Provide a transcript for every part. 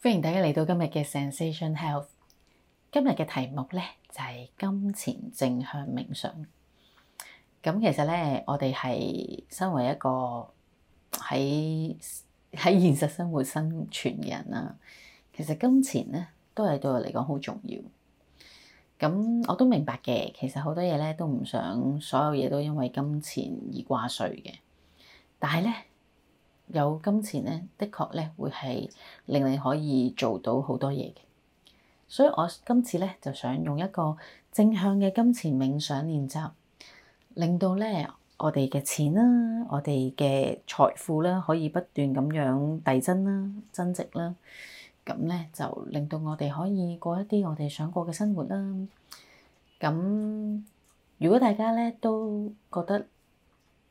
歡迎大家嚟到今日嘅 Zensation Health。今日嘅題目呢，就係金錢正向冥想。咁其實呢，我哋係身為一個喺喺現實生活生存嘅人啦。其實金錢呢，都係對我嚟講好重要。咁我都明白嘅，其實好多嘢呢都唔想，所有嘢都因為金錢而掛帥嘅。但係呢。有金錢咧，的確咧會係令你可以做到好多嘢嘅，所以我今次咧就想用一個正向嘅金錢冥想練習，令到咧我哋嘅錢啦、我哋嘅、啊、財富啦、啊，可以不斷咁樣遞增啦、增值啦、啊，咁咧就令到我哋可以過一啲我哋想過嘅生活啦、啊。咁如果大家咧都覺得，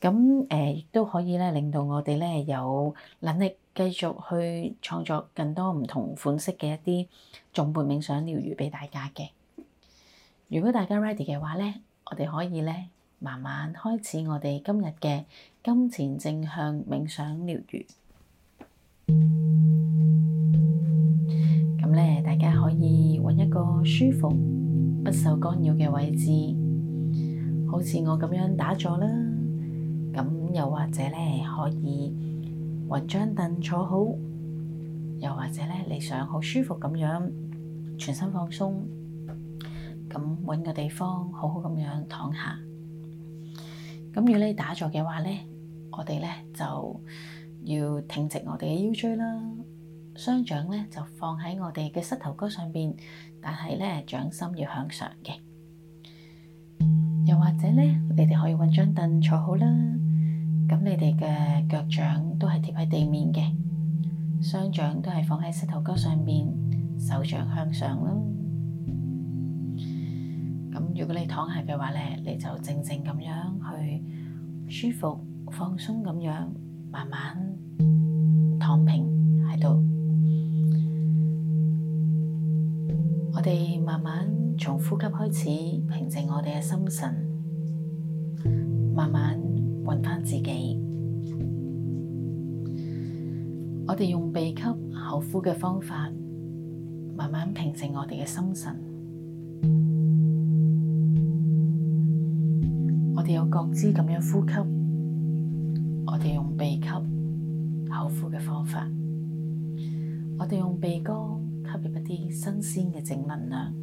咁亦都可以咧，令到我哋咧有能力繼續去創作更多唔同款式嘅一啲頌缽冥想療癒俾大家嘅。如果大家 ready 嘅話咧，我哋可以咧慢慢開始我哋今日嘅金錢正向冥想療癒。咁咧， 大家可以揾一個舒服、不受干擾嘅位置，好似我咁樣打坐啦。又或者咧，可以揾張凳坐好；又或者咧，你想好舒服咁樣全身放鬆，咁揾個地方好好咁樣躺下。咁如果你打坐嘅話咧，我哋咧就要挺直我哋嘅腰椎啦，雙掌咧就放喺我哋嘅膝頭哥上邊，但係咧掌心要向上嘅。又或者咧，你哋可以揾張凳坐好啦。咁你哋嘅腳掌都係貼喺地面嘅，雙掌都係放喺膝頭溝上面，手掌向上啦。咁如果你躺下嘅話呢，你就靜靜咁樣去舒服放鬆咁樣，慢慢躺平喺度。我哋慢慢從呼吸開始，平靜我哋嘅心神，慢慢。揾翻自己，我哋用鼻吸口呼嘅方法，慢慢平靜我哋嘅心神。我哋有覺知咁樣呼吸，我哋用鼻吸口呼嘅方法，我哋用鼻哥吸入一啲新鮮嘅正能量。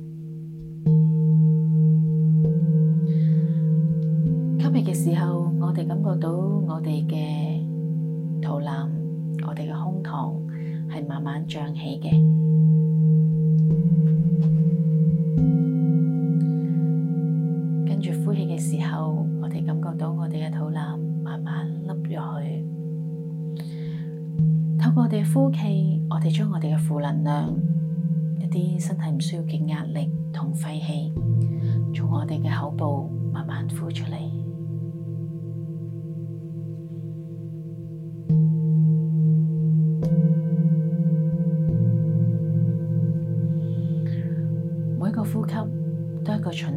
呼氣嘅時候，我哋感覺到我哋嘅肚腩，我哋嘅胸膛係慢慢脹起嘅。跟住呼氣嘅時候，我哋感覺到我哋嘅肚腩慢慢凹落去。透過我哋呼氣，我哋將我哋嘅負能量，一啲身體唔需要嘅壓力同廢氣，從我哋嘅口部慢慢呼出嚟。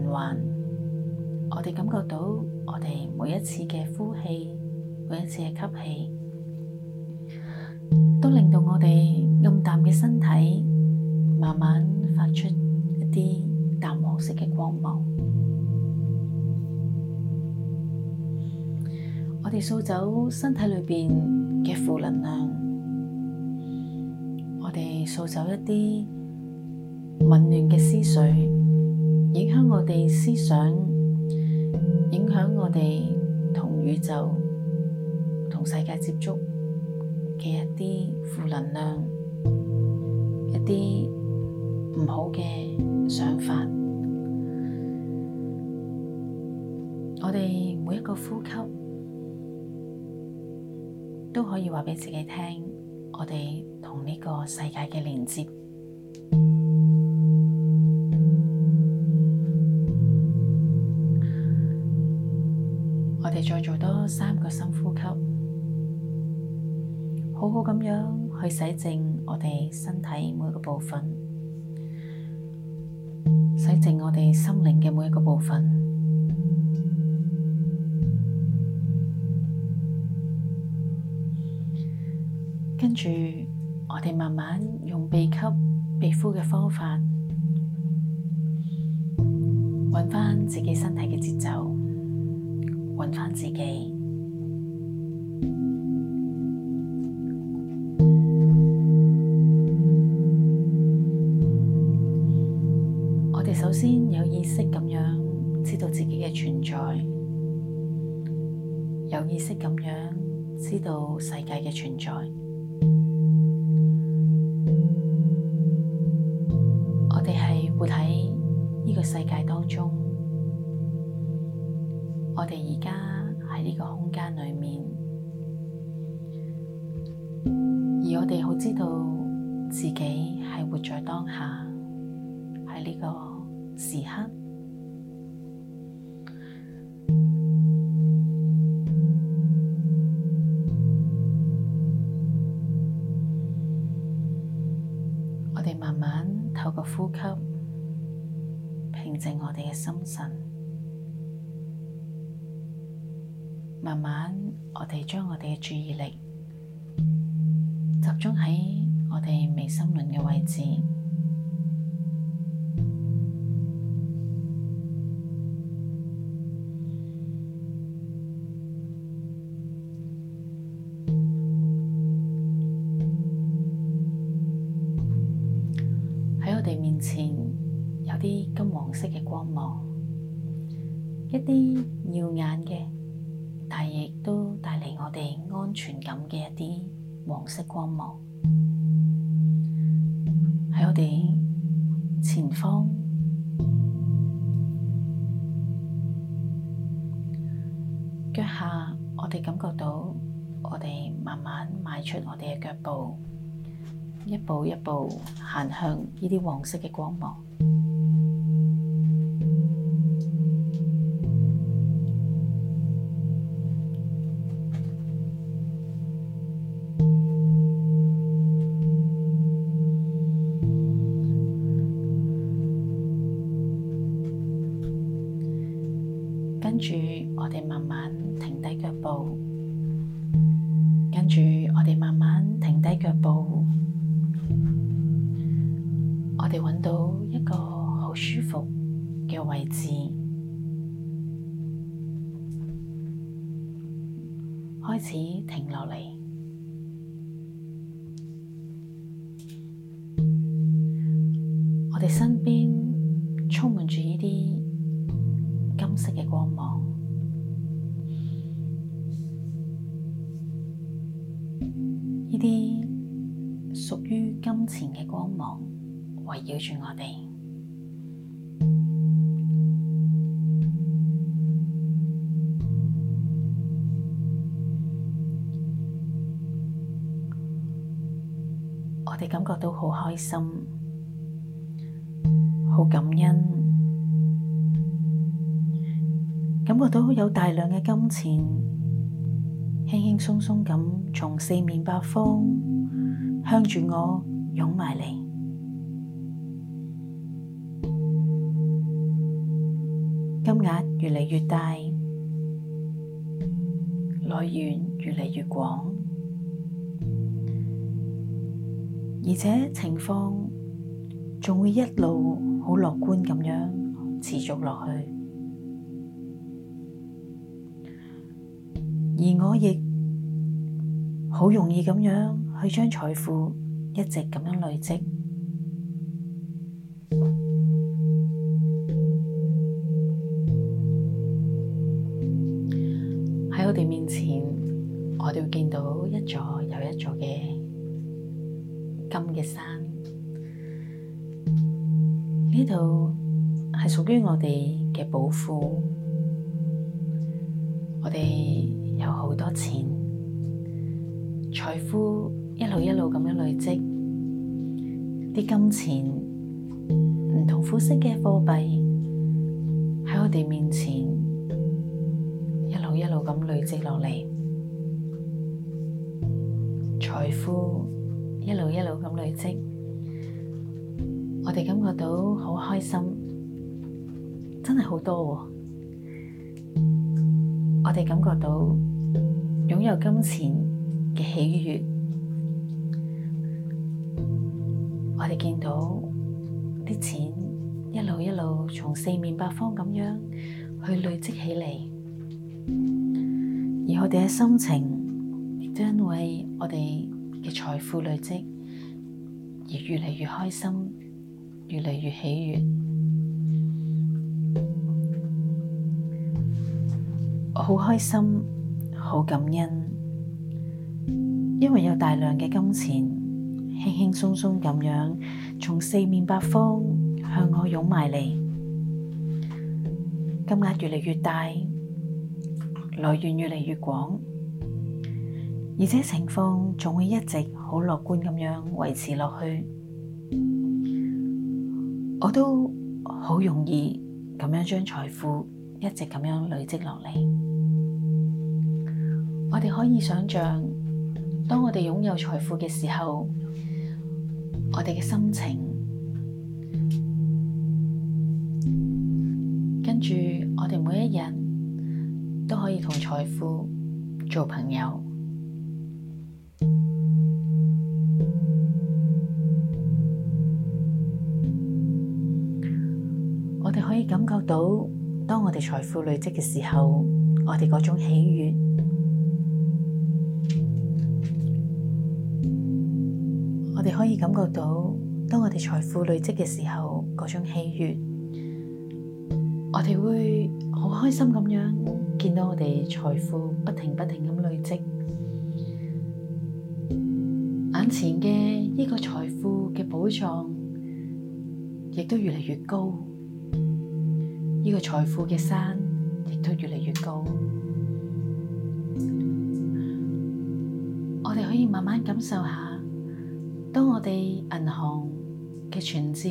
雲，我哋感覺到我哋每一次嘅呼氣，每一次嘅吸氣，都令到我哋暗淡嘅身體慢慢發出一啲淡黃色嘅光芒。我哋掃走身體裏邊嘅負能量，我哋掃走一啲混亂嘅思緒。影響我哋思想，影響我哋同宇宙、同世界接觸嘅一啲負能量、一啲唔好嘅想法。我哋每一個呼吸都可以話俾自己聽，我哋同呢個世界嘅連接。我哋再做多三個深呼吸，好好咁樣去洗淨我哋身體每一個部分，洗淨我哋心靈嘅每一個部分。跟住，我哋慢慢用鼻吸鼻呼嘅方法，揾翻自己身體嘅節奏。揾翻自己。我哋首先有意識咁樣知道自己嘅存在，有意識咁樣知道世界嘅存在。我哋係活喺呢個世界當中。我哋而家喺呢個空間裏面，而我哋好知道自己係活在當下，喺呢個時刻， 我哋慢慢透過呼吸，平靜我哋嘅心神。慢慢，我哋將我哋嘅注意力集中喺我哋眉心輪嘅位置。喺我哋面前，有啲金黃色嘅光芒，一啲耀眼嘅。但係亦都帶嚟我哋安全感嘅一啲黃色光芒，喺我哋前方，腳下，我哋感覺到我哋慢慢邁出我哋嘅腳步，一步一步行向呢啲黃色嘅光芒。停落嚟，我哋身邊充滿住呢啲金色嘅光芒，呢啲屬於金錢嘅光芒圍繞住我哋。感覺到好開心，好感恩，感覺到有大量嘅金錢，輕輕鬆鬆咁從四面八方向住我湧埋嚟，金額越嚟越大，來源越嚟越廣。而且情況仲會一路好樂觀咁樣持續落去，而我亦好容易咁樣去將財富一直咁樣累積。我哋嘅寶庫，我哋有好多錢，財富一路一路咁樣累積，啲金錢唔同形式嘅貨幣喺我哋面前一路一路咁累積落嚟，財富一路一路咁累積，我哋感覺到好開心。真係好多啊，我哋感覺到擁有金錢嘅喜悅。我哋見到啲錢一路一路從四面八方咁樣去累積起嚟，而我哋嘅心情亦都因為我哋嘅財富累積而越嚟越開心，越嚟越喜悅。好開心，好感恩，因為有大量嘅金錢，輕輕鬆鬆咁樣從四面八方向我湧埋嚟，金額越嚟越大，來源越嚟越廣，而且情況仲會一直好樂觀咁樣維持落去，我都好容易咁樣將財富一直咁樣累積落嚟。我哋可以想象，當我哋擁有財富嘅時候，我哋嘅心情跟住我哋每一日都可以同財富做朋友。我哋可以感覺到，當我哋財富累積嘅時候，我哋嗰種喜悅。感覺到，當我哋財富累積嘅時候，嗰種喜悦，我哋會好開心咁樣見到我哋財富不停不停咁累積，眼前嘅呢個財富嘅寶藏，亦都越嚟越高，呢個財富嘅山亦都越嚟越高，我哋可以慢慢感受下。當我哋銀行嘅存折，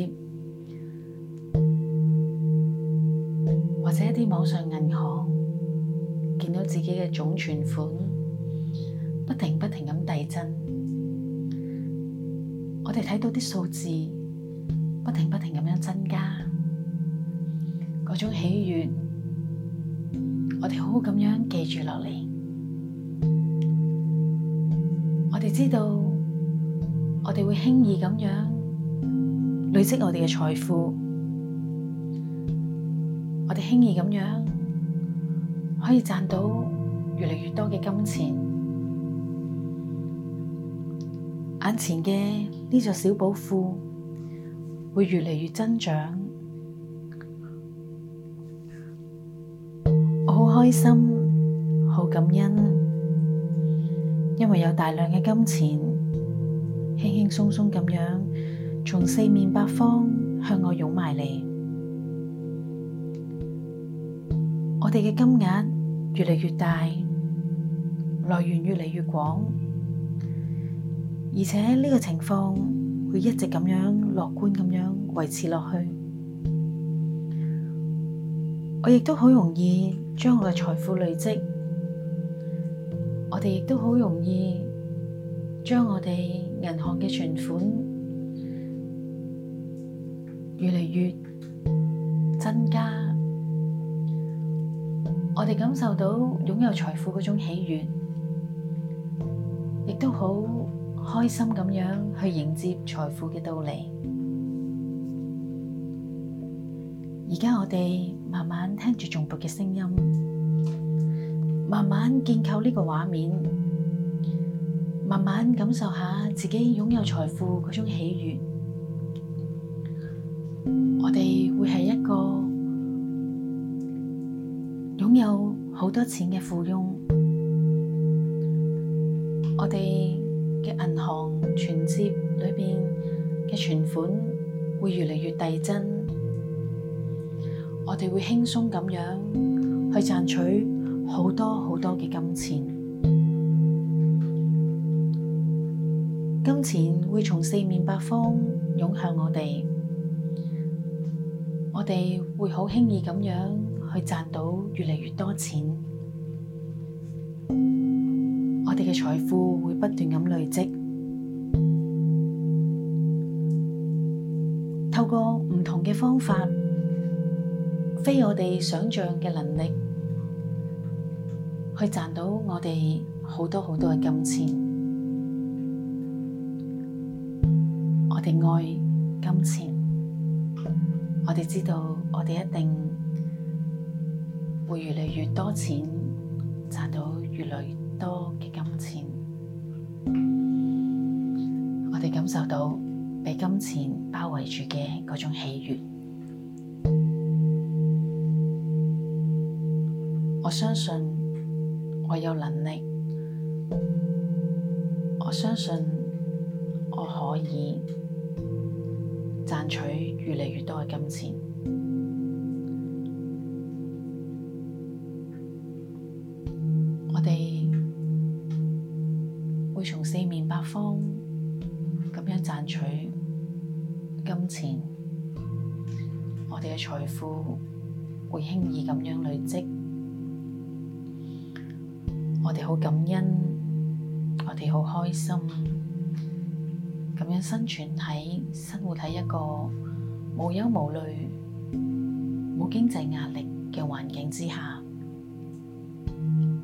或者一啲網上銀行，見到自己嘅總存款，不停不停咁遞增，我哋睇到啲數字不停不停咁樣增加，嗰種喜悅，我哋好好咁樣記住落嚟，我哋知道。我哋會輕易咁樣累積我哋嘅財富，我哋輕易咁樣可以賺到越嚟越多嘅金錢，眼前嘅呢座小寶庫會越嚟越增長。我好開心，好感恩，因為有大量嘅金錢。輕輕鬆鬆咁樣，從四面八方向我湧埋嚟。我哋嘅金額越嚟越大，來源越嚟越廣，而且呢個情況會一直咁樣樂觀咁樣維持落去。我亦都好容易將我嘅財富累積，我哋亦都好容易將我哋。銀行嘅存款越嚟越增加，我哋感受到擁有財富嗰種喜悅，亦都好開心咁樣去迎接財富嘅到嚟。而家我哋慢慢聽住頌缽嘅聲音，慢慢建構呢個畫面。慢慢感受下自己擁有財富嗰種喜悅，我哋會係一個擁有好多錢嘅富翁，我哋嘅銀行存折裏面嘅存款會越嚟越遞增，我哋會輕鬆咁樣去賺取好多好多嘅金錢。金錢會從四面八方湧向我哋，我哋會好輕易咁樣去賺到越嚟越多錢，我哋嘅財富會不斷咁累積，透過唔同嘅方法，非我哋想象嘅能力，去賺到我哋好多好多嘅金錢。我哋愛，金錢，我哋知道，我哋一定會越嚟越多錢，賺到越來越多嘅金錢。我哋感受到被金錢包圍住嘅嗰種喜悅。我相信我有能力，我相信我可以。賺取越嚟越多嘅金錢，我哋會從四面八方咁樣賺取金錢，我哋嘅財富會輕易咁樣累積，我哋好感恩，我哋好開心。咁樣生存喺生活喺一個無憂無慮、冇經濟壓力嘅環境之下，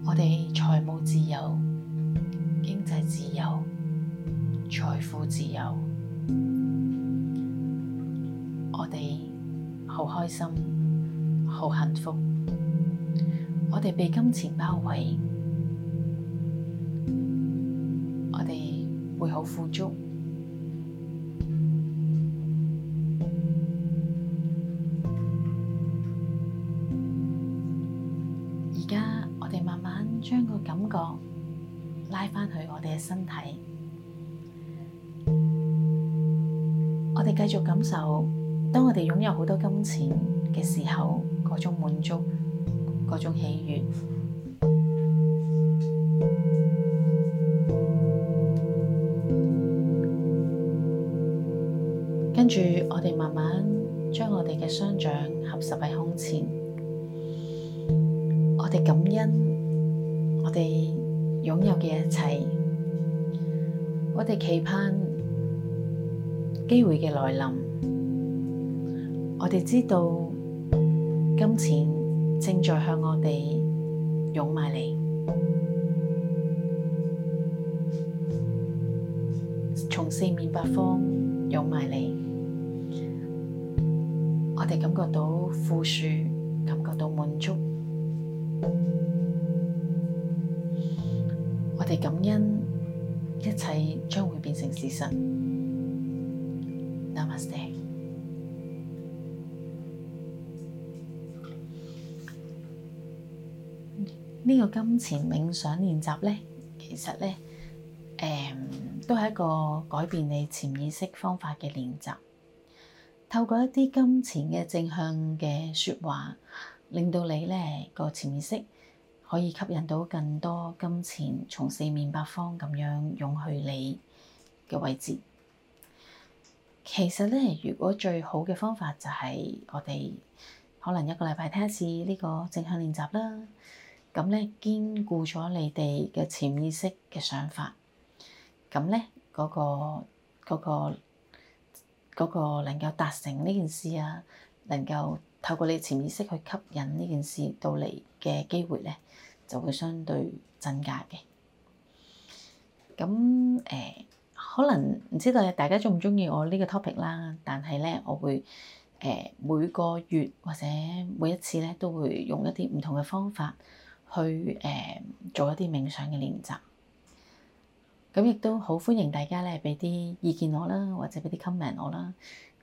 我哋財務自由、經濟自由、財富自由，我哋好開心、好幸福，我哋被金錢包圍，我哋會好富足。將個感覺拉返去我哋嘅身體，我哋繼續感受，當我哋擁有好多金錢嘅時候，嗰種滿足，嗰種喜悅。跟住我哋慢慢將我哋嘅雙掌合十喺胸前，我哋感恩。我哋擁有嘅一切，我哋期盼機會嘅來臨。我哋知道金錢正在向我哋湧埋嚟，從四面八方湧埋嚟。我哋感覺到富庶，感覺到滿足。感恩一切，將會變成事實。呢 aste 個金錢冥想練習呢，其實呢，嗯、都係一個改變你潛意識方法嘅練習。透過一啲金錢嘅正向嘅說話，令到你呢個潛意識。可以吸引到更多金錢，從四面八方咁樣湧去你嘅位置。其實咧，如果最好嘅方法就係我哋可能一個禮拜聽一次呢個正向練習啦。咁咧，兼顧咗你哋嘅潛意識嘅想法，咁咧嗰個嗰個、嗰個嗰個能夠達成呢件事啊，能夠。透過你潛意識去吸引呢件事到嚟嘅機會咧，就會相對增加嘅。咁誒、呃，可能唔知道大家鍾唔鍾意我呢個 topic 啦，但係咧，我會誒、呃、每個月或者每一次咧，都會用一啲唔同嘅方法去誒、呃、做一啲冥想嘅練習。咁亦都好歡迎大家咧，俾啲意見我啦，或者俾啲 comment 我啦。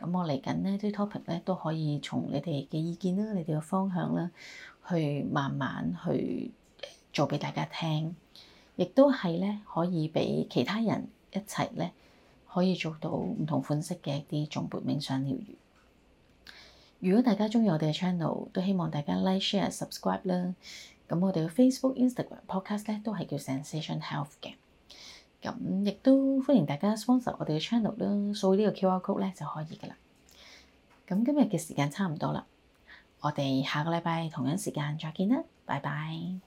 咁我嚟緊呢啲 topic 咧都可以從你哋嘅意見啦、你哋嘅方向啦，去慢慢去做俾大家聽，亦都係咧可以畀其他人一齊咧可以做到唔同款式嘅一啲頌缽冥想療癒。如果大家鍾意我哋嘅 channel，都希望大家 like、share、subscribe 啦。咁我哋嘅 Facebook、Instagram、Podcast 咧都係叫 Sensation Health 嘅。咁亦都歡迎大家 sponsor 我哋嘅 channel 啦，掃呢個 QR code 咧就可以噶啦。咁今日嘅時間差唔多啦，我哋下個禮拜同樣時間再見啦，拜拜。